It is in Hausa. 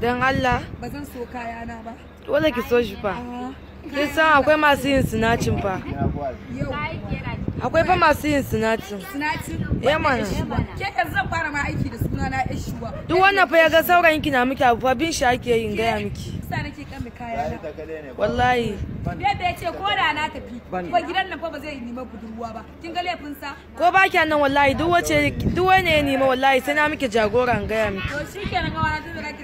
don Allah ba zan so kayana ba wanda ki so shi fa kin san akwai masu yin sinacin fa akwai fa masu yin sinacin sinacin ya mana ke kan zan fara ma aiki da suna na ishuwa duk wannan fa ya ga saurayin ki na miki abu fa bin shi ake yin gaya miki sa nake kan mi na wallahi bebe yace ko da na tafi ko gidan nan fa ba zai nima budurwa ba kin ga laifin sa ko ba ki nan wallahi duk wace duk wani ya nima wallahi sai na miki jagoran gaya miki to shikenan ga wani da kake